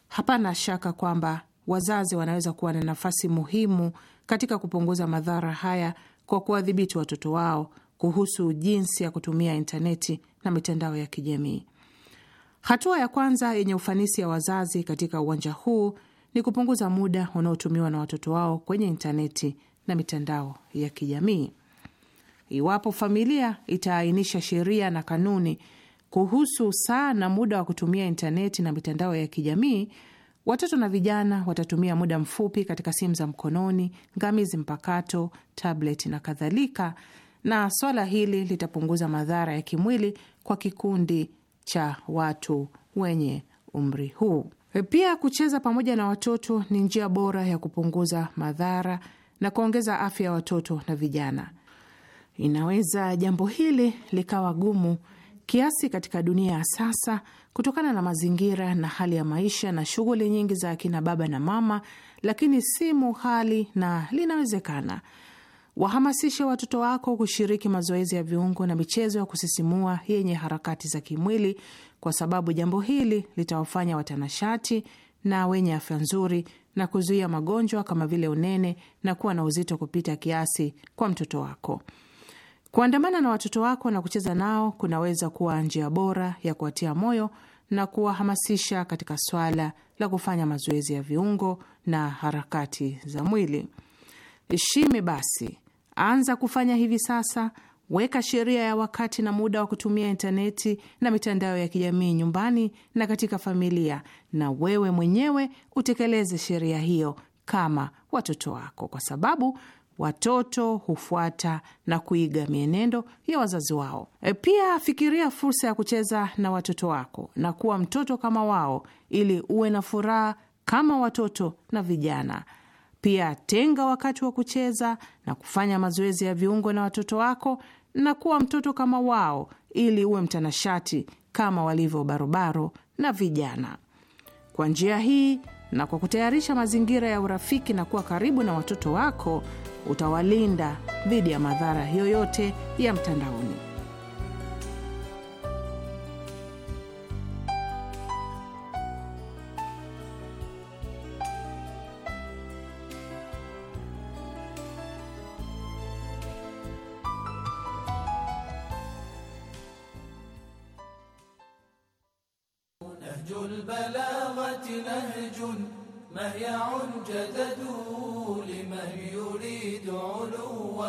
Hapana shaka kwamba wazazi wanaweza kuwa na nafasi muhimu katika kupunguza madhara haya kwa kuwadhibiti watoto wao kuhusu jinsi ya kutumia intaneti na mitandao ya kijamii. Hatua ya kwanza yenye ufanisi ya wazazi katika uwanja huu ni kupunguza muda unaotumiwa na watoto wao kwenye intaneti na mitandao ya kijamii. Iwapo familia itaainisha sheria na kanuni kuhusu saa na muda wa kutumia intaneti na mitandao ya kijamii, watoto na vijana watatumia muda mfupi katika simu za mkononi, ngamizi mpakato, tablet na kadhalika, na swala hili litapunguza madhara ya kimwili kwa kikundi cha watu wenye umri huu. Pia kucheza pamoja na watoto ni njia bora ya kupunguza madhara na kuongeza afya ya watoto na vijana. Inaweza jambo hili likawa gumu kiasi katika dunia ya sasa kutokana na mazingira na hali ya maisha na shughuli nyingi za akina baba na mama, lakini si muhali na linawezekana. Wahamasishe watoto wako kushiriki mazoezi ya viungo na michezo ya kusisimua yenye harakati za kimwili, kwa sababu jambo hili litawafanya watanashati na wenye afya nzuri na kuzuia magonjwa kama vile unene na kuwa na uzito kupita kiasi kwa mtoto wako. Kuandamana na watoto wako na kucheza nao kunaweza kuwa njia bora ya kuwatia moyo na kuwahamasisha katika swala la kufanya mazoezi ya viungo na harakati za mwili. Shime basi, anza kufanya hivi sasa. Weka sheria ya wakati na muda wa kutumia intaneti na mitandao ya kijamii nyumbani na katika familia, na wewe mwenyewe utekeleze sheria hiyo kama watoto wako, kwa sababu Watoto hufuata na kuiga mienendo ya wazazi wao. E, pia fikiria fursa ya kucheza na watoto wako na kuwa mtoto kama wao, ili uwe na furaha kama watoto na vijana. Pia tenga wakati wa kucheza na kufanya mazoezi ya viungo na watoto wako na kuwa mtoto kama wao, ili uwe mtanashati kama walivyo barobaro na vijana. Kwa njia hii na kwa kutayarisha mazingira ya urafiki na kuwa karibu na watoto wako, utawalinda dhidi ya madhara yoyote ya mtandaoni. البلاغة نهج مهيع جدد لمن يريد علوا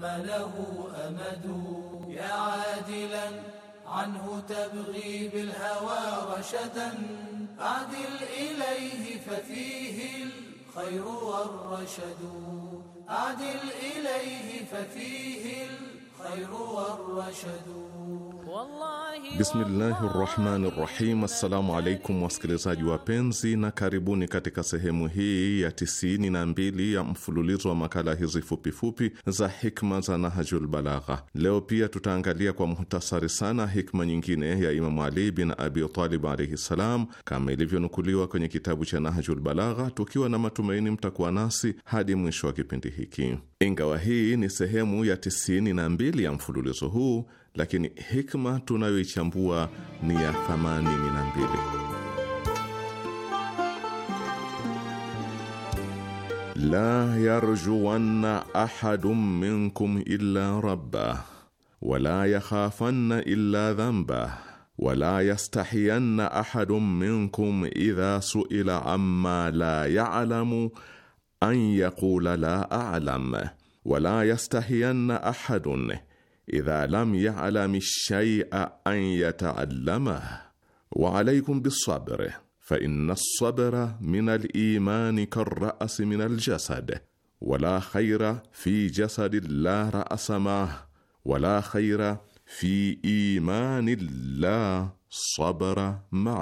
ما له أمد يا عادلا عنه تبغي بالهوى رشدا أعدل إليه ففيه الخير والرشد أعدل إليه ففيه الخير والرشد Bismillahi rahmani rahim. Assalamu alaikum wasikilizaji wapenzi, na karibuni katika sehemu hii ya tisini na mbili ya mfululizo wa makala hizi fupifupi za hikma za Nahjul Balagha. Leo pia tutaangalia kwa muhtasari sana hikma nyingine ya Imamu Ali bin Abi Talib alaihi ssalam, kama ilivyonukuliwa kwenye kitabu cha Nahjul Balagha, tukiwa na matumaini mtakuwa nasi hadi mwisho wa kipindi hiki. Ingawa hii ni sehemu ya tisini na mbili ya mfululizo huu lakini hikma tunayoichambua ni ya 82. La yarjuwanna ahadun minkum illa rabba wala yakhafanna illa dhanba wala yastahiyanna ahadun minkum idha suila amma la ya'lamu an yaqula la a'lam wala yastahiyanna ahadun idha lam ya'lam shay'a an yata'allamah wa alaykum bis-sabr fa inna as-sabra min al-iman kar-ra's min al-jasad wala khayra fi jasad la ra'sa ma wala khayra fi imani la sabra ma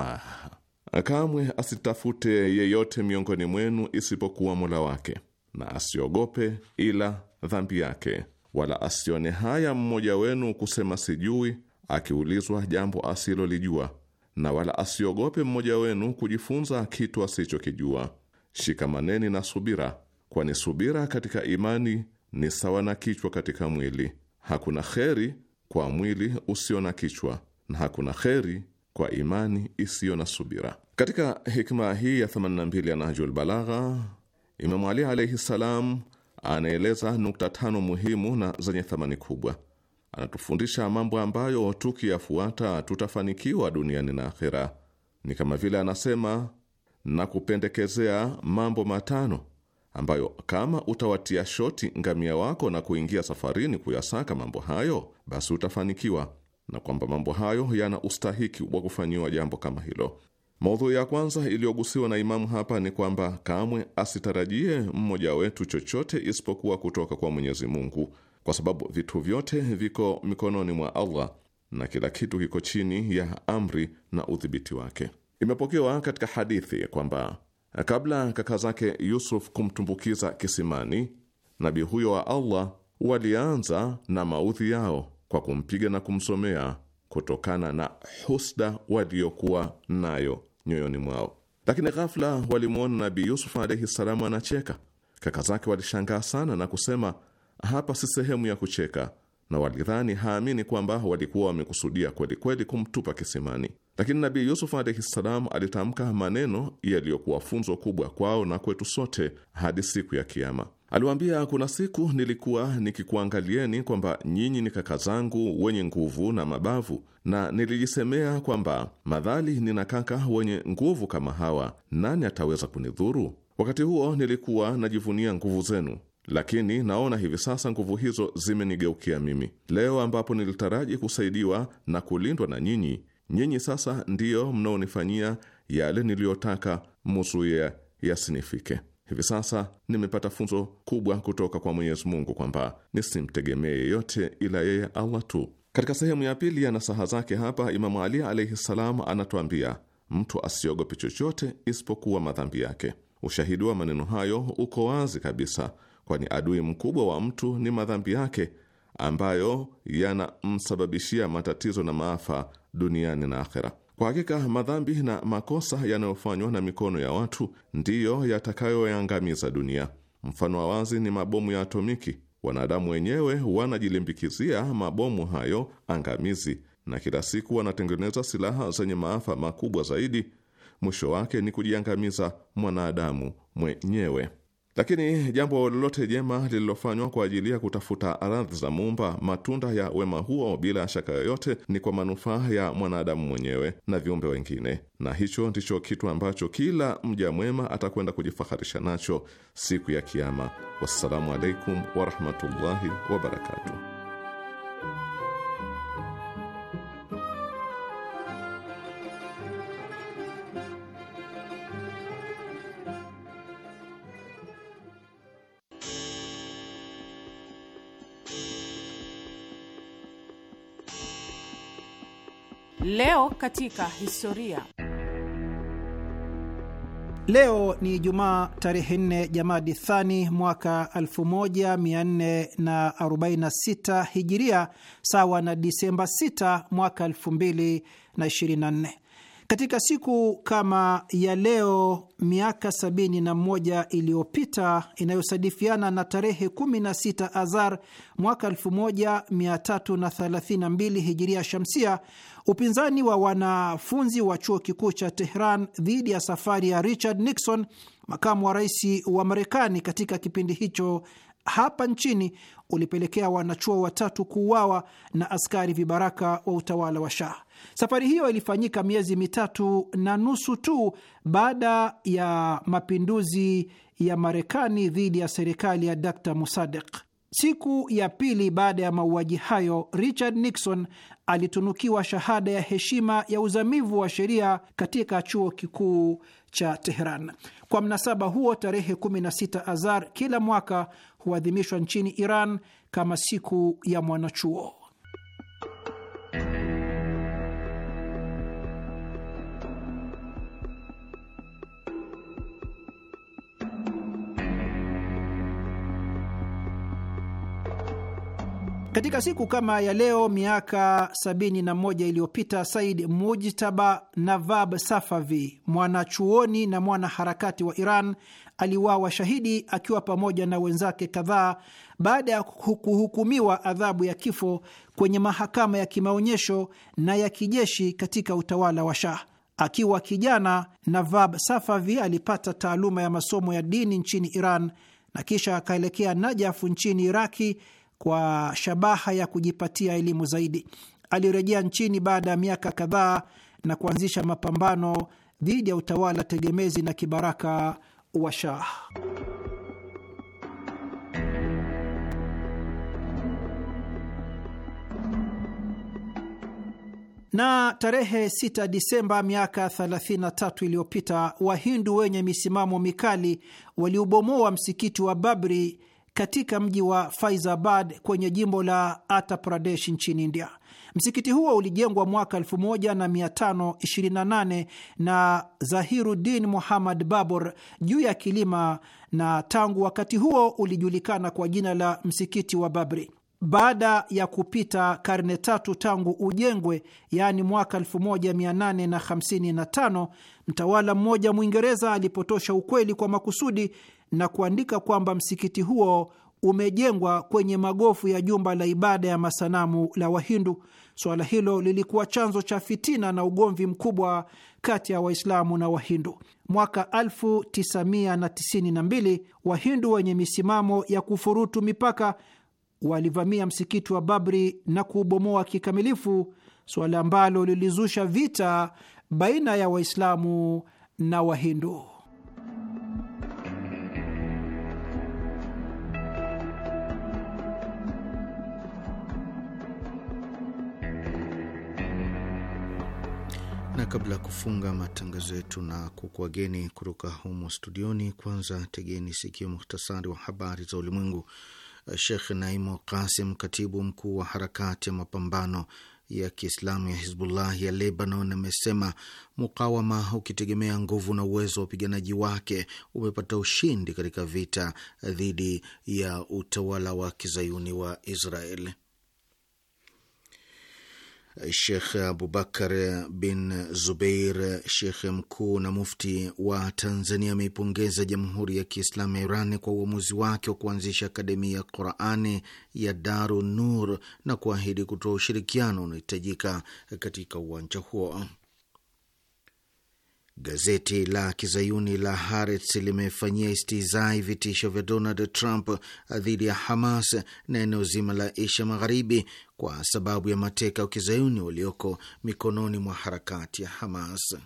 Kamwe asitafute yeyote miongoni mwenu isipokuwa Mola wake, na asiogope ila dhambi yake wala asione haya mmoja wenu kusema sijui, akiulizwa jambo asilolijua, na wala asiogope mmoja wenu kujifunza kitu asichokijua. Shikamaneni na subira, kwani subira katika imani ni sawa na kichwa katika mwili. Hakuna kheri kwa mwili usio na kichwa, na hakuna kheri kwa imani isiyo na subira. Katika hikma hii ya 82 ya Nahjul Balagha, Imamu Ali alaihi salam anaeleza nukta tano muhimu na zenye thamani kubwa. Anatufundisha mambo ambayo tukiyafuata tutafanikiwa duniani na akhera. Ni kama vile anasema na kupendekezea mambo matano ambayo kama utawatia shoti ngamia wako na kuingia safarini kuyasaka mambo hayo, basi utafanikiwa, na kwamba mambo hayo yana ustahiki wa kufanyiwa jambo kama hilo. Maudhui ya kwanza iliyogusiwa na Imamu hapa ni kwamba kamwe asitarajie mmoja wetu chochote isipokuwa kutoka kwa Mwenyezi Mungu, kwa sababu vitu vyote viko mikononi mwa Allah na kila kitu kiko chini ya amri na udhibiti wake. Imepokewa katika hadithi kwamba kabla kaka zake Yusuf kumtumbukiza kisimani, nabii huyo wa Allah walianza na maudhi yao kwa kumpiga na kumsomea kutokana na husda waliokuwa nayo nyoyoni mwao. Lakini ghafla walimwona Nabii Yusufu alaihi salamu anacheka. Kaka zake walishangaa sana na kusema, hapa si sehemu ya kucheka, na walidhani haamini kwamba walikuwa wamekusudia kweli kweli kumtupa kisimani. Lakini Nabii Yusufu alaihi salam alitamka maneno yaliyokuwa funzo kubwa kwao na kwetu sote hadi siku ya Kiama. Aliwaambia, kuna siku nilikuwa nikikuangalieni kwamba nyinyi ni kaka zangu wenye nguvu na mabavu, na nilijisemea kwamba madhali nina kaka wenye nguvu kama hawa, nani ataweza kunidhuru? Wakati huo nilikuwa najivunia nguvu zenu, lakini naona hivi sasa nguvu hizo zimenigeukia mimi. Leo ambapo nilitaraji kusaidiwa na kulindwa na nyinyi, nyinyi sasa ndiyo mnaonifanyia yale niliyotaka muzuia yasinifike. Hivi sasa nimepata funzo kubwa kutoka kwa Mwenyezi Mungu kwamba nisimtegemee yeyote ila yeye Allah tu. Katika sehemu ya pili ya nasaha zake hapa, Imamu Ali alaihi ssalam anatuambia mtu asiogope chochote isipokuwa madhambi yake. Ushahidi wa maneno hayo uko wazi kabisa, kwani adui mkubwa wa mtu ni madhambi yake ambayo yanamsababishia matatizo na maafa duniani na akhera. Kwa hakika madhambi na makosa yanayofanywa na mikono ya watu ndiyo yatakayoyangamiza dunia. Mfano wa wazi ni mabomu ya atomiki. Wanadamu wenyewe wanajilimbikizia mabomu hayo angamizi, na kila siku wanatengeneza silaha zenye maafa makubwa zaidi. Mwisho wake ni kujiangamiza mwanadamu mwenyewe. Lakini jambo lolote jema lililofanywa kwa ajili ya kutafuta radhi za Muumba, matunda ya wema huo bila shaka yoyote ni kwa manufaa ya mwanadamu mwenyewe na viumbe wengine, na hicho ndicho kitu ambacho kila mja mwema atakwenda kujifaharisha nacho siku ya Kiama. Wassalamu alaikum warahmatullahi wabarakatuh. Leo katika historia. Leo ni Jumaa tarehe nne Jamadi Thani mwaka 1446 Hijiria, sawa na Disemba 6 mwaka 2024. Katika siku kama ya leo miaka 71 iliyopita inayosadifiana na tarehe 16 Azar mwaka 1332 hijiria shamsia, Upinzani wa wanafunzi wa chuo kikuu cha Tehran dhidi ya safari ya Richard Nixon, makamu wa rais wa Marekani katika kipindi hicho hapa nchini, ulipelekea wanachuo watatu kuuawa na askari vibaraka wa utawala wa Shah. Safari hiyo ilifanyika miezi mitatu na nusu tu baada ya mapinduzi ya Marekani dhidi ya serikali ya Dr Musadik. Siku ya pili baada ya mauaji hayo, Richard Nixon alitunukiwa shahada ya heshima ya uzamivu wa sheria katika chuo kikuu cha Teheran. Kwa mnasaba huo, tarehe 16 Azar kila mwaka huadhimishwa nchini Iran kama siku ya mwanachuo. Katika siku kama ya leo miaka 71 iliyopita Said Mujtaba Navab Safavi, mwanachuoni na mwanaharakati wa Iran, aliwawa shahidi akiwa pamoja na wenzake kadhaa baada ya kuhukumiwa adhabu ya kifo kwenye mahakama ya kimaonyesho na ya kijeshi katika utawala wa Shah. Akiwa kijana, Navab Safavi alipata taaluma ya masomo ya dini nchini Iran na kisha akaelekea Najafu nchini Iraki kwa shabaha ya kujipatia elimu zaidi. Alirejea nchini baada ya miaka kadhaa na kuanzisha mapambano dhidi ya utawala tegemezi na kibaraka wa Shah. na tarehe 6 Disemba miaka 33 iliyopita Wahindu wenye misimamo mikali waliubomoa msikiti wa Babri katika mji wa Faizabad kwenye jimbo la Uttar Pradesh nchini India. Msikiti huo ulijengwa mwaka 1528 na Zahiruddin Muhammad Babur juu ya kilima, na tangu wakati huo ulijulikana kwa jina la msikiti wa Babri. Baada ya kupita karne tatu tangu ujengwe, yaani mwaka 1855, mtawala mmoja Mwingereza alipotosha ukweli kwa makusudi na kuandika kwamba msikiti huo umejengwa kwenye magofu ya jumba la ibada ya masanamu la Wahindu. Suala hilo lilikuwa chanzo cha fitina na ugomvi mkubwa kati ya Waislamu na Wahindu. Mwaka 1992 Wahindu wenye misimamo ya kufurutu mipaka walivamia msikiti wa Babri na kuubomoa kikamilifu, suala ambalo lilizusha vita baina ya Waislamu na Wahindu. kabla ya kufunga matangazo yetu na kukuwageni kutoka humo studioni, kwanza tegeni sikio muhtasari wa habari za ulimwengu. Shekh Naimu Kasim, katibu mkuu wa harakati ya mapambano ya Kiislamu ya Hizbullah ya Lebanon amesema mukawama ukitegemea nguvu na uwezo wa wapiganaji wake umepata ushindi katika vita dhidi ya utawala wa kizayuni wa Israel. Shekh Abubakar bin Zubeir, shekhe mkuu na mufti wa Tanzania, ameipongeza Jamhuri ya Kiislamu ya Iran kwa uamuzi wake wa kuanzisha Akademia ya Qurani ya Daru Nur na kuahidi kutoa ushirikiano unaohitajika katika uwanja huo. Gazeti la kizayuni la Haaretz limefanyia istizai vitisho vya Donald Trump dhidi ya Hamas na eneo zima la Asia Magharibi kwa sababu ya mateka wa kizayuni walioko mikononi mwa harakati ya Hamas.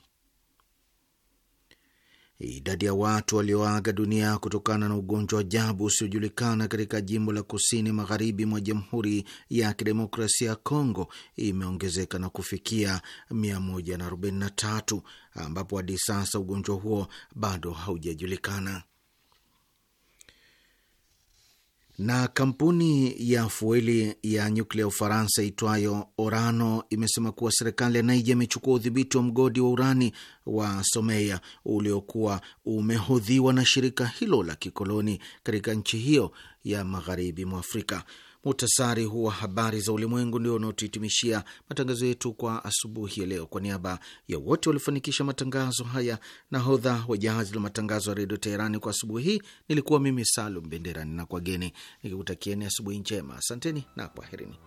Idadi ya watu walioaga dunia kutokana na ugonjwa wa ajabu usiojulikana katika jimbo la kusini magharibi mwa Jamhuri ya Kidemokrasia ya Kongo imeongezeka na kufikia 143 ambapo hadi sasa ugonjwa huo bado haujajulikana. Na kampuni ya fueli ya nyuklia Ufaransa itwayo Orano imesema kuwa serikali ya Naija imechukua udhibiti wa mgodi wa urani wa someya uliokuwa umehodhiwa na shirika hilo la kikoloni katika nchi hiyo ya magharibi mwa Afrika. Muhtasari huu wa habari za ulimwengu ndio unaotuhitimishia matangazo yetu kwa asubuhi ya leo. Kwa niaba ya wote waliofanikisha matangazo haya, nahodha wa jahazi la matangazo ya redio Teherani kwa asubuhi hii nilikuwa mimi Salum Benderani na kwageni nikikutakieni asubuhi njema. Asanteni na kwaherini.